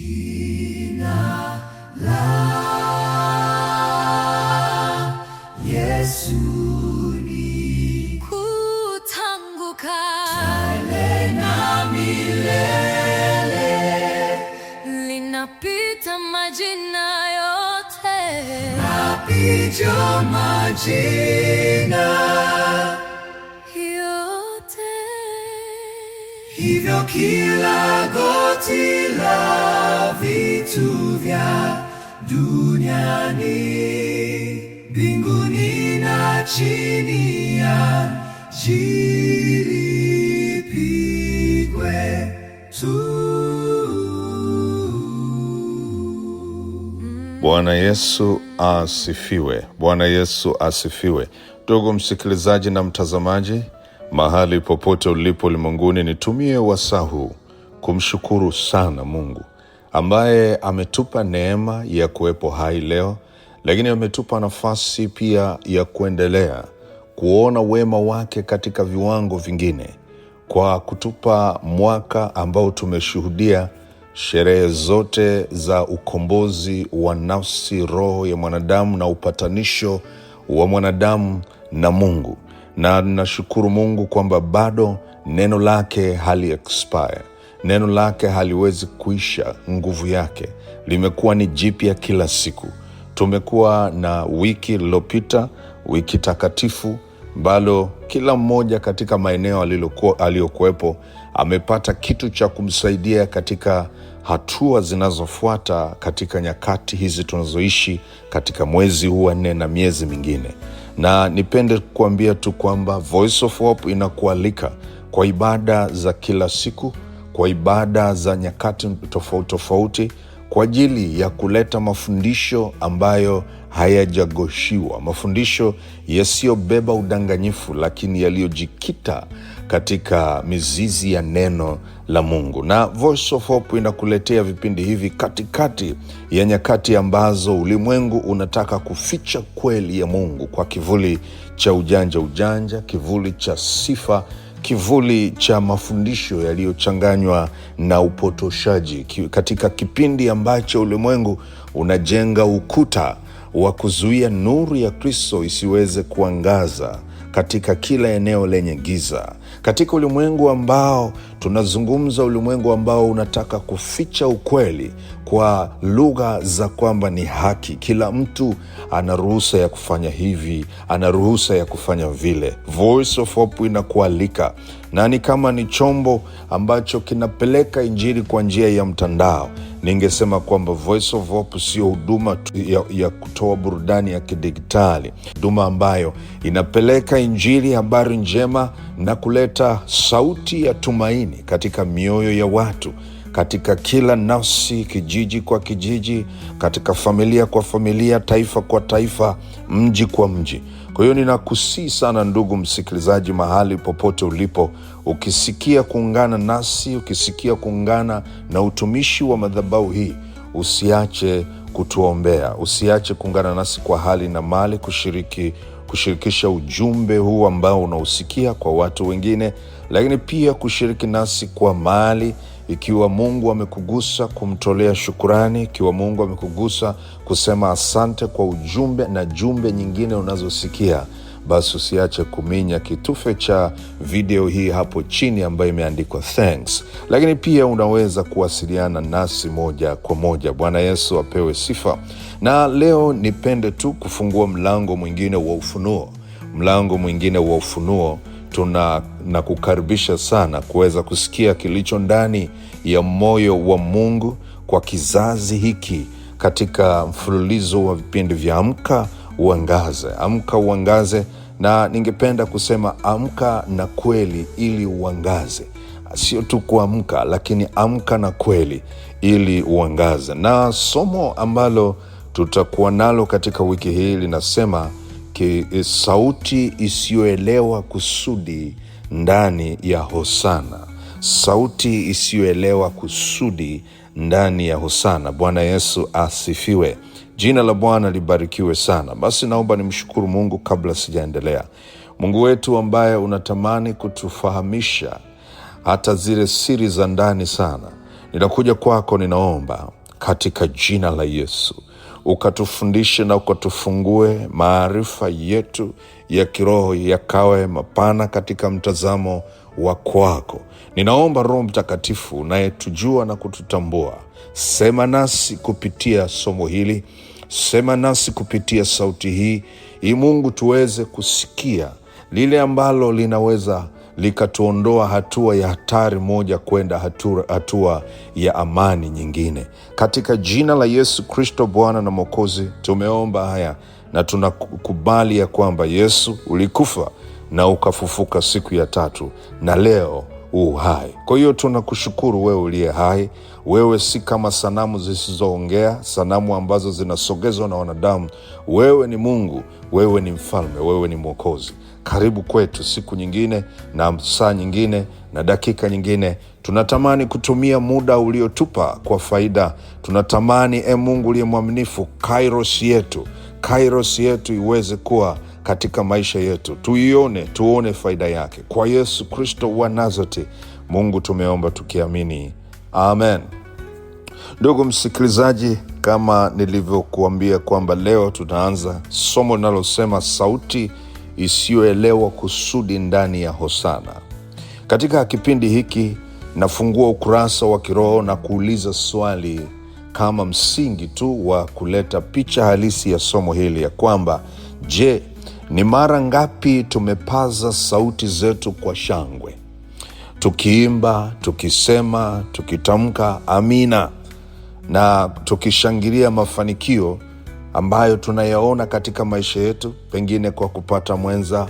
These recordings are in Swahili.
Jina la Yesu ni kutanguka tele na majina yote, napita majina kila goti la vitu vya duniani, binguni na chini ya jili tu. Bwana Yesu asifiwe! Bwana Yesu asifiwe! Ndugu msikilizaji na mtazamaji Mahali popote ulipo ulimwenguni, nitumie wasaa huu kumshukuru sana Mungu ambaye ametupa neema ya kuwepo hai leo, lakini ametupa nafasi pia ya kuendelea kuona wema wake katika viwango vingine kwa kutupa mwaka ambao tumeshuhudia sherehe zote za ukombozi wa nafsi, roho ya mwanadamu na upatanisho wa mwanadamu na Mungu na nashukuru Mungu kwamba bado neno lake hali expire, neno lake haliwezi kuisha. Nguvu yake limekuwa ni jipya kila siku. Tumekuwa na wiki lilopita wiki takatifu, mbalo kila mmoja katika maeneo aliyokuwepo amepata kitu cha kumsaidia katika hatua zinazofuata katika nyakati hizi tunazoishi katika mwezi huu wa nne na miezi mingine na nipende kuambia tu kwamba Voice of Hope inakualika kwa ibada za kila siku, kwa ibada za nyakati tofauti tofauti, kwa ajili ya kuleta mafundisho ambayo hayajagoshiwa, mafundisho yasiyobeba udanganyifu, lakini yaliyojikita katika mizizi ya neno la Mungu, na Voice of Hope inakuletea vipindi hivi katikati ya nyakati ambazo ulimwengu unataka kuficha kweli ya Mungu kwa kivuli cha ujanja ujanja, kivuli cha sifa kivuli cha mafundisho yaliyochanganywa na upotoshaji, katika kipindi ambacho ulimwengu unajenga ukuta wa kuzuia nuru ya Kristo isiweze kuangaza katika kila eneo lenye giza katika ulimwengu ambao tunazungumza, ulimwengu ambao unataka kuficha ukweli kwa lugha za kwamba ni haki, kila mtu ana ruhusa ya kufanya hivi, ana ruhusa ya kufanya vile. Voice of Hope inakualika nani kama ni chombo ambacho kinapeleka injili kwa njia ya mtandao ningesema kwamba Voice of Hope sio huduma ya, ya kutoa burudani ya kidigitali, huduma ambayo inapeleka Injili, habari njema, na kuleta sauti ya tumaini katika mioyo ya watu katika kila nafsi, kijiji kwa kijiji, katika familia kwa familia, taifa kwa taifa, mji kwa mji. Kwa hiyo ninakusii sana ndugu msikilizaji, mahali popote ulipo, ukisikia kuungana nasi, ukisikia kuungana na utumishi wa madhabahu hii, usiache kutuombea, usiache kuungana nasi kwa hali na mali, kushiriki kushirikisha ujumbe huu ambao unausikia kwa watu wengine, lakini pia kushiriki nasi kwa mali ikiwa Mungu amekugusa kumtolea shukurani, ikiwa Mungu amekugusa kusema asante kwa ujumbe na jumbe nyingine unazosikia, basi usiache kuminya kitufe cha video hii hapo chini ambayo imeandikwa thanks, lakini pia unaweza kuwasiliana nasi moja kwa moja. Bwana Yesu apewe sifa. Na leo nipende tu kufungua mlango mwingine wa ufunuo, mlango mwingine wa ufunuo tuna na kukaribisha sana kuweza kusikia kilicho ndani ya moyo wa Mungu kwa kizazi hiki katika mfululizo wa vipindi vya Amka Uangaze, Amka Uangaze, na ningependa kusema amka na kweli ili uangaze, sio tu kuamka, lakini amka na kweli ili uangaze. Na somo ambalo tutakuwa nalo katika wiki hii linasema yake eh, sauti isiyoelewa kusudi ndani ya hosana, sauti isiyoelewa kusudi ndani ya hosana. Bwana Yesu asifiwe. Jina la Bwana libarikiwe sana. Basi naomba nimshukuru Mungu kabla sijaendelea. Mungu wetu ambaye unatamani kutufahamisha hata zile siri za ndani sana, ninakuja kwako, ninaomba katika jina la Yesu ukatufundishe na ukatufungue maarifa yetu ya kiroho yakawe mapana katika mtazamo wa kwako. Ninaomba Roho Mtakatifu unayetujua na kututambua, sema nasi kupitia somo hili, sema nasi kupitia sauti hii, ili Mungu tuweze kusikia lile ambalo linaweza likatuondoa hatua ya hatari moja kwenda hatua, hatua ya amani nyingine. Katika jina la Yesu Kristo, Bwana na Mwokozi, tumeomba haya na tunakubali ya kwamba Yesu ulikufa na ukafufuka siku ya tatu na leo huu hai. Kwa hiyo tunakushukuru wewe uliye hai. Wewe si kama sanamu zisizoongea, sanamu ambazo zinasogezwa na wanadamu. Wewe ni Mungu, wewe ni mfalme, wewe ni mwokozi. Karibu kwetu siku nyingine na saa nyingine na dakika nyingine. Tunatamani kutumia muda uliotupa kwa faida. Tunatamani e Mungu uliye mwaminifu, kairos yetu kairos yetu iweze kuwa katika maisha yetu, tuione, tuone faida yake. Kwa Yesu Kristo wa Nazareti, Mungu tumeomba tukiamini, amen. Ndugu msikilizaji, kama nilivyokuambia kwamba leo tunaanza somo linalosema sauti isiyoelewa kusudi ndani ya Hosana. Katika kipindi hiki nafungua ukurasa wa kiroho na kuuliza swali kama msingi tu wa kuleta picha halisi ya somo hili ya kwamba, je, ni mara ngapi tumepaza sauti zetu kwa shangwe tukiimba, tukisema, tukitamka amina na tukishangilia mafanikio ambayo tunayaona katika maisha yetu, pengine kwa kupata mwenza,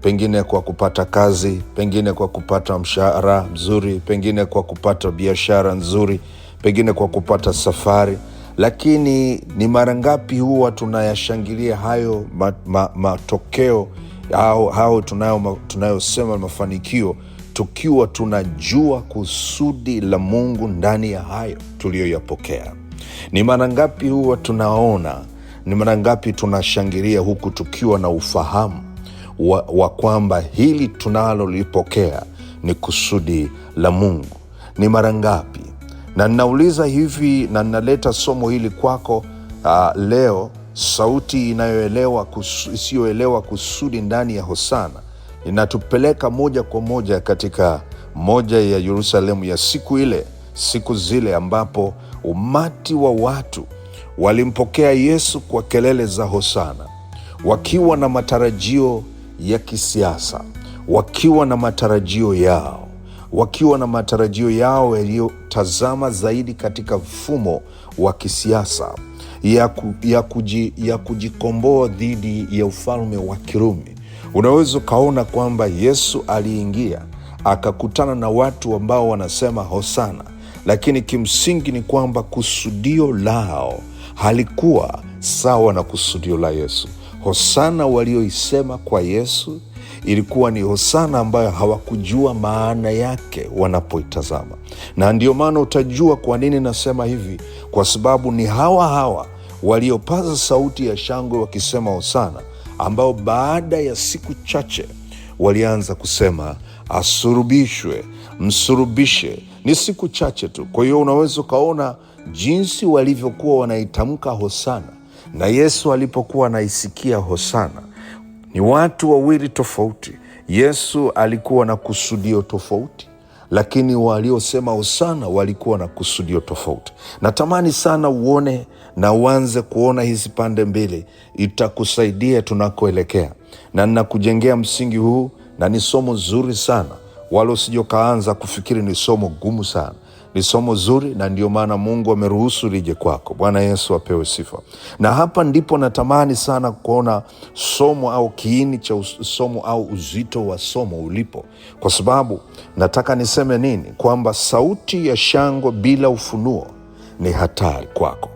pengine kwa kupata kazi, pengine kwa kupata mshahara mzuri, pengine kwa kupata biashara nzuri, pengine kwa kupata safari. Lakini ni mara ngapi huwa tunayashangilia hayo matokeo au hao tunayosema tunayo mafanikio tukiwa tunajua kusudi la Mungu ndani ya hayo tuliyoyapokea? Ni mara ngapi huwa tunaona ni mara ngapi tunashangilia huku tukiwa na ufahamu wa, wa kwamba hili tunalolipokea ni kusudi la Mungu? Ni mara ngapi? Na ninauliza hivi na ninaleta somo hili kwako uh, leo sauti inayoelewa isiyoelewa kusudi ndani ya Hosana inatupeleka moja kwa moja katika moja ya Yerusalemu ya siku ile, siku zile ambapo umati wa watu walimpokea Yesu kwa kelele za hosana, wakiwa na matarajio ya kisiasa, wakiwa na matarajio yao, wakiwa na matarajio yao yaliyotazama zaidi katika mfumo wa kisiasa ya, ku, ya, kuji, ya kujikomboa dhidi ya ufalme wa Kirumi. Unaweza ukaona kwamba Yesu aliingia akakutana na watu ambao wanasema hosana, lakini kimsingi ni kwamba kusudio lao halikuwa sawa na kusudio la Yesu. Hosana walioisema kwa Yesu ilikuwa ni hosana ambayo hawakujua maana yake wanapoitazama, na ndiyo maana utajua kwa nini nasema hivi, kwa sababu ni hawa hawa waliopaza sauti ya shangwe wakisema hosana, ambao baada ya siku chache walianza kusema asurubishwe, msurubishe. Ni siku chache tu, kwa hiyo unaweza ukaona jinsi walivyokuwa wanaitamka Hosana na Yesu alipokuwa anaisikia Hosana ni watu wawili tofauti. Yesu alikuwa na kusudio tofauti, lakini waliosema Hosana walikuwa na kusudio tofauti. Natamani sana uone na uanze kuona hizi pande mbili, itakusaidia tunakoelekea, na ninakujengea msingi huu, na ni somo zuri sana, wala usijokaanza kufikiri ni somo gumu sana. Ni somo zuri, na ndio maana Mungu ameruhusu lije kwako. Bwana Yesu apewe sifa. Na hapa ndipo natamani sana kuona somo au kiini cha somo au uzito wa somo ulipo, kwa sababu nataka niseme nini? Kwamba sauti ya shangwe bila ufunuo ni hatari kwako.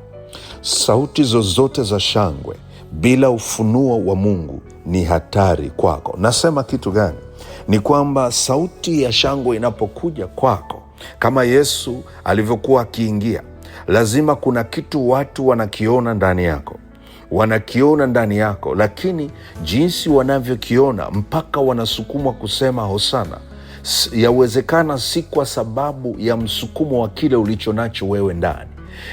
Sauti zozote za shangwe bila ufunuo wa Mungu ni hatari kwako. Nasema kitu gani? Ni kwamba sauti ya shangwe inapokuja kwako kama Yesu alivyokuwa akiingia, lazima kuna kitu watu wanakiona ndani yako wanakiona ndani yako, lakini jinsi wanavyokiona mpaka wanasukumwa kusema hosana, yawezekana si kwa sababu ya msukumo wa kile ulicho nacho wewe ndani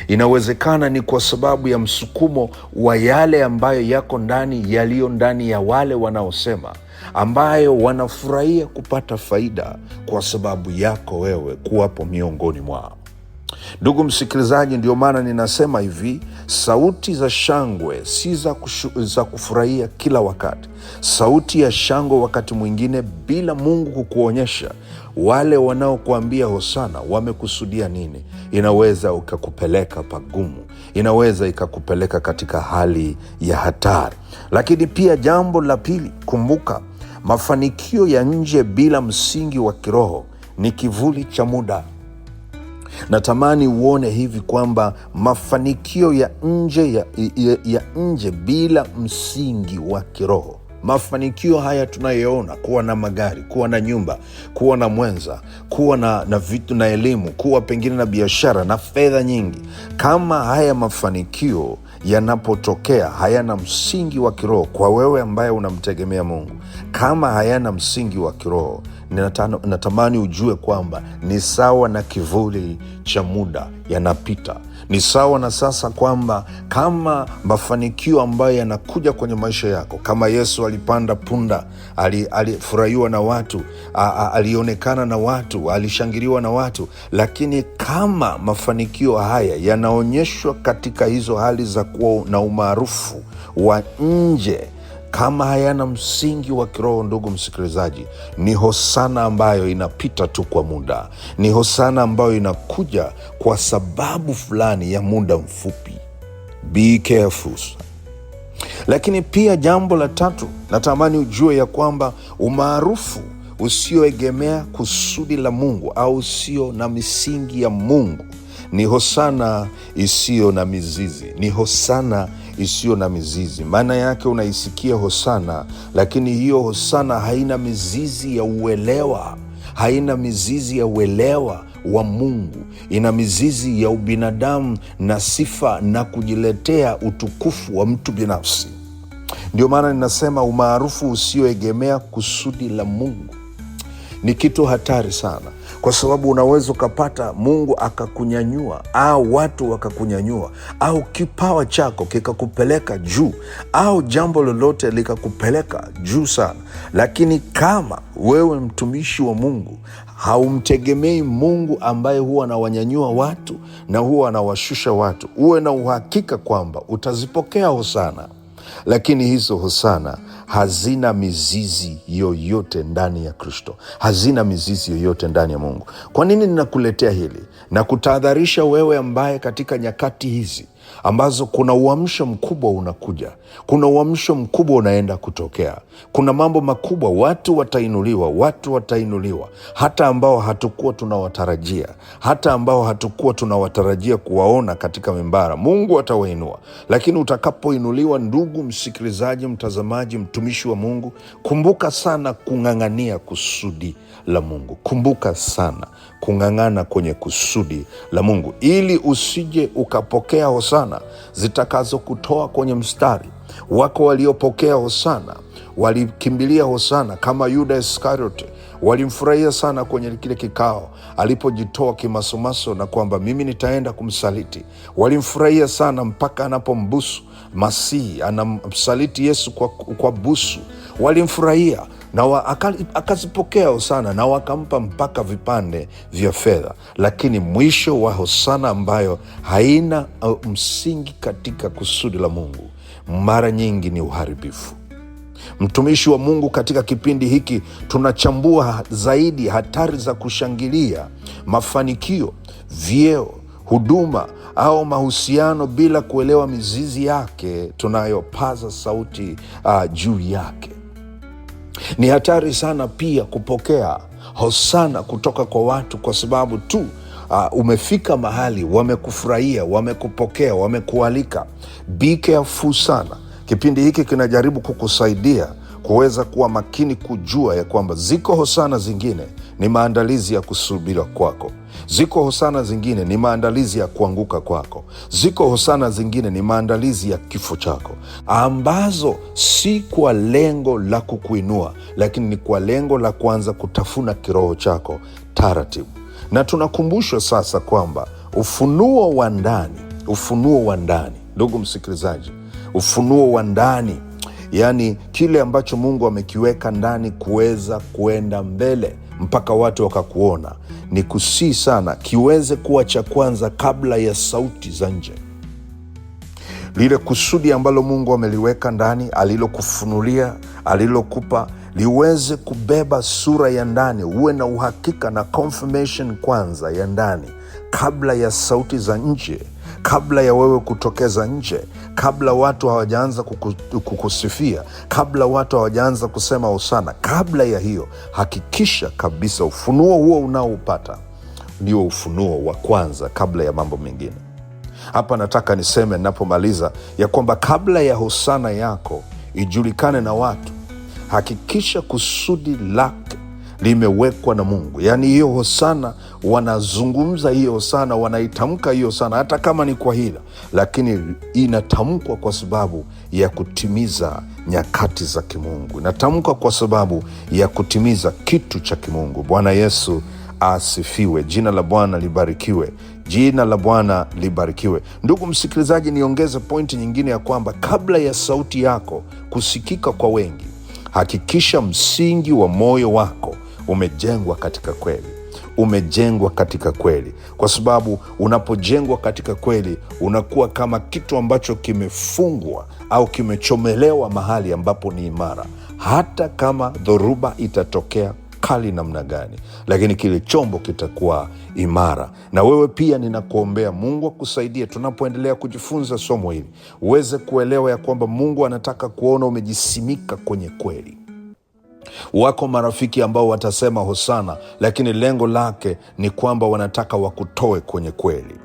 Inawezekana ni kwa sababu ya msukumo wa yale ambayo yako ndani, yaliyo ndani ya wale wanaosema, ambayo wanafurahia kupata faida kwa sababu yako wewe kuwapo miongoni mwao. Ndugu msikilizaji, ndio maana ninasema hivi, sauti za shangwe si za, za kufurahia kila wakati. Sauti ya shangwe wakati mwingine, bila Mungu kukuonyesha, wale wanaokuambia hosana wamekusudia nini? Inaweza ikakupeleka pagumu, inaweza ikakupeleka katika hali ya hatari. Lakini pia jambo la pili, kumbuka, mafanikio ya nje bila msingi wa kiroho ni kivuli cha muda. Natamani uone hivi kwamba mafanikio ya nje ya, ya, ya nje bila msingi wa kiroho Mafanikio haya tunayoona, kuwa na magari, kuwa na nyumba, kuwa na mwenza, kuwa na, na vitu na elimu, kuwa pengine na biashara na fedha nyingi, kama haya mafanikio yanapotokea hayana msingi wa kiroho kwa wewe ambaye unamtegemea Mungu, kama hayana msingi wa kiroho, natamani ujue kwamba ni sawa na kivuli cha muda, yanapita. Ni sawa na sasa kwamba kama mafanikio ambayo yanakuja kwenye maisha yako, kama Yesu alipanda punda, alifurahiwa na watu, alionekana na watu, alishangiliwa na watu, lakini kama mafanikio haya yanaonyeshwa katika hizo hali za kuwa na umaarufu wa nje kama hayana msingi wa kiroho. Ndugu msikilizaji, ni hosana ambayo inapita tu kwa muda, ni hosana ambayo inakuja kwa sababu fulani ya muda mfupi. Be careful. Lakini pia jambo la tatu, natamani ujue ya kwamba umaarufu usioegemea kusudi la Mungu au usio na misingi ya Mungu ni hosana isiyo na mizizi, ni hosana isiyo na mizizi. Maana yake unaisikia hosana, lakini hiyo hosana haina mizizi ya uelewa, haina mizizi ya uelewa wa Mungu, ina mizizi ya ubinadamu na sifa na kujiletea utukufu wa mtu binafsi. Ndio maana ninasema umaarufu usioegemea kusudi la Mungu ni kitu hatari sana kwa sababu unaweza ukapata Mungu akakunyanyua au watu wakakunyanyua au kipawa chako kikakupeleka juu au jambo lolote likakupeleka juu sana, lakini kama wewe mtumishi wa Mungu haumtegemei Mungu ambaye huwa anawanyanyua watu na huwa anawashusha watu, uwe na uhakika kwamba utazipokea hosana lakini hizo hosana hazina mizizi yoyote ndani ya Kristo, hazina mizizi yoyote ndani ya Mungu. Kwa nini ninakuletea hili na kutahadharisha wewe ambaye katika nyakati hizi ambazo kuna uamsho mkubwa unakuja, kuna uamsho mkubwa unaenda kutokea, kuna mambo makubwa, watu watainuliwa, watu watainuliwa, hata ambao hatukuwa tunawatarajia, hata ambao hatukuwa tunawatarajia kuwaona katika mimbara. Mungu atawainua, lakini utakapoinuliwa, ndugu msikilizaji, mtazamaji, mtumishi wa Mungu, kumbuka sana kung'ang'ania kusudi la Mungu. Kumbuka sana kung'ang'ana kwenye kusudi la Mungu ili usije ukapokea hosana zitakazokutoa kwenye mstari. Wako waliopokea hosana walikimbilia hosana kama Yuda Iskariote walimfurahia sana kwenye kile kikao alipojitoa kimasomaso na kwamba mimi nitaenda kumsaliti. Walimfurahia sana mpaka anapombusu Masihi, anamsaliti Yesu kwa, kwa busu. Walimfurahia na akazipokea Hosana na wakampa mpaka vipande vya fedha. Lakini mwisho wa Hosana ambayo haina msingi katika kusudi la Mungu mara nyingi ni uharibifu. Mtumishi wa Mungu, katika kipindi hiki tunachambua zaidi hatari za kushangilia mafanikio, vyeo, huduma au mahusiano bila kuelewa mizizi yake tunayopaza sauti uh, juu yake. Ni hatari sana pia kupokea hosana kutoka kwa watu kwa sababu tu uh, umefika mahali wamekufurahia, wamekupokea, wamekualika. Be careful sana. Kipindi hiki kinajaribu kukusaidia kuweza kuwa makini, kujua ya kwamba ziko hosana zingine ni maandalizi ya kusubira kwako. Ziko hosana zingine ni maandalizi ya kuanguka kwako. Ziko hosana zingine ni maandalizi ya kifo chako, ambazo si kwa lengo la kukuinua, lakini ni kwa lengo la kuanza kutafuna kiroho chako taratibu. Na tunakumbushwa sasa kwamba ufunuo wa ndani, ufunuo wa ndani, ndugu msikilizaji, ufunuo wa ndani, yaani kile ambacho Mungu amekiweka ndani kuweza kuenda mbele mpaka watu wakakuona. Ni kusii sana kiweze kuwa cha kwanza kabla ya sauti za nje. Lile kusudi ambalo Mungu ameliweka ndani, alilokufunulia, alilokupa liweze kubeba sura ya ndani. Uwe na uhakika na confirmation kwanza ya ndani kabla ya sauti za nje kabla ya wewe kutokeza nje, kabla watu hawajaanza kukusifia, kabla watu hawajaanza kusema usana, kabla ya hiyo, hakikisha kabisa ufunuo huo unaoupata ndio ufunuo wa kwanza, kabla ya mambo mengine. Hapa nataka niseme ninapomaliza, ya kwamba kabla ya hosana yako ijulikane na watu, hakikisha kusudi lako limewekwa na Mungu. Yaani hiyo hosana, wanazungumza hiyo hosana, wanaitamka hiyo hosana, hata kama ni kwa hila, lakini inatamkwa kwa sababu ya kutimiza nyakati za kimungu, inatamkwa kwa sababu ya kutimiza kitu cha kimungu. Bwana Yesu asifiwe. Jina la Bwana libarikiwe. Jina la Bwana libarikiwe. Ndugu msikilizaji, niongeze pointi nyingine ya kwamba kabla ya sauti yako kusikika kwa wengi, hakikisha msingi wa moyo wako umejengwa katika kweli umejengwa katika kweli, kwa sababu unapojengwa katika kweli unakuwa kama kitu ambacho kimefungwa au kimechomelewa mahali ambapo ni imara, hata kama dhoruba itatokea kali namna gani, lakini kile chombo kitakuwa imara. Na wewe pia ninakuombea Mungu akusaidie tunapoendelea kujifunza somo hili, uweze kuelewa ya kwamba Mungu anataka kuona umejisimika kwenye kweli Wako marafiki ambao watasema hosana, lakini lengo lake ni kwamba wanataka wakutoe kwenye kweli.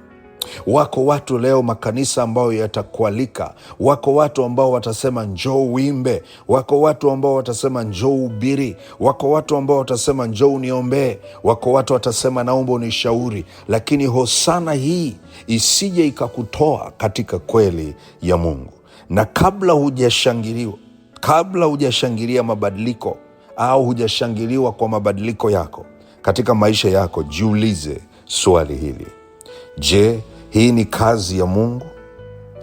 Wako watu leo makanisa ambayo yatakualika. Wako watu ambao watasema njoo uimbe. Wako watu ambao watasema njoo ubiri. Wako watu ambao watasema njoo uniombee. Wako watu watasema naomba unishauri. Lakini hosana hii isije ikakutoa katika kweli ya Mungu. Na kabla hujashangiliwa, kabla hujashangilia mabadiliko au hujashangiliwa kwa mabadiliko yako katika maisha yako, jiulize swali hili: Je, hii ni kazi ya Mungu?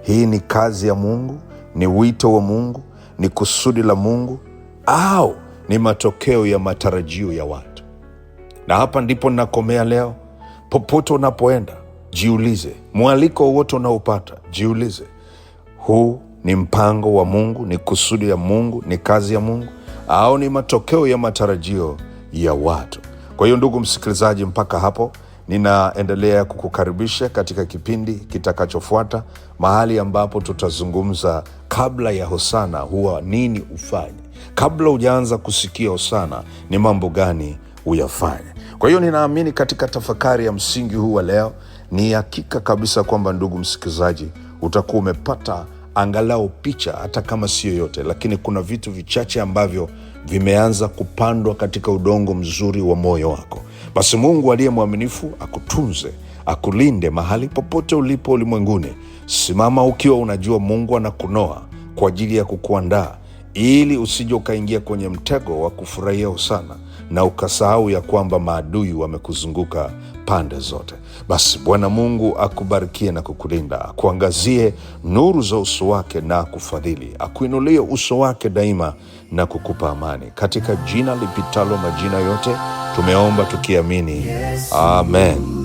Hii ni kazi ya Mungu? Ni wito wa Mungu? Ni kusudi la Mungu au ni matokeo ya matarajio ya watu? Na hapa ndipo nakomea leo. Popote unapoenda jiulize, mwaliko wowote unaopata jiulize, huu ni mpango wa Mungu? Ni kusudi ya Mungu? Ni kazi ya Mungu? au ni matokeo ya matarajio ya watu. Kwa hiyo, ndugu msikilizaji, mpaka hapo ninaendelea kukukaribisha katika kipindi kitakachofuata, mahali ambapo tutazungumza kabla ya hosana huwa nini ufanye. Kabla hujaanza kusikia hosana, ni mambo gani uyafanye? Kwa hiyo ninaamini katika tafakari ya msingi huu wa leo, ni hakika kabisa kwamba ndugu msikilizaji, utakuwa umepata angalau picha, hata kama sio yote, lakini kuna vitu vichache ambavyo vimeanza kupandwa katika udongo mzuri wa moyo wako. Basi Mungu aliye mwaminifu akutunze, akulinde mahali popote ulipo ulimwenguni. Simama ukiwa unajua Mungu anakunoa kwa ajili ya kukuandaa, ili usije ukaingia kwenye mtego wa kufurahia usana na ukasahau ya kwamba maadui wamekuzunguka pande zote. Basi Bwana Mungu akubarikie na kukulinda, akuangazie nuru za uso wake na akufadhili, akuinulie uso wake daima na kukupa amani, katika jina lipitalo majina yote tumeomba tukiamini, amen.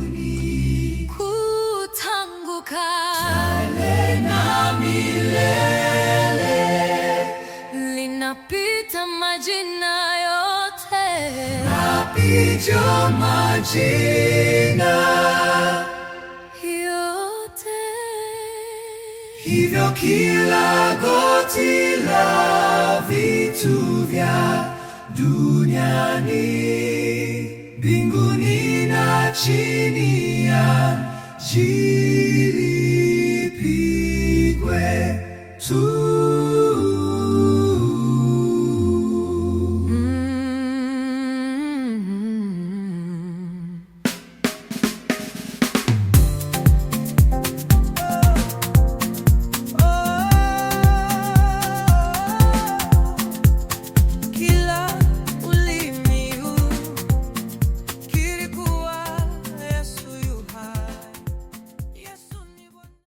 majina ndicho majina yote, hivyo kila goti la vitu vya duniani, mbinguni na chini ya chini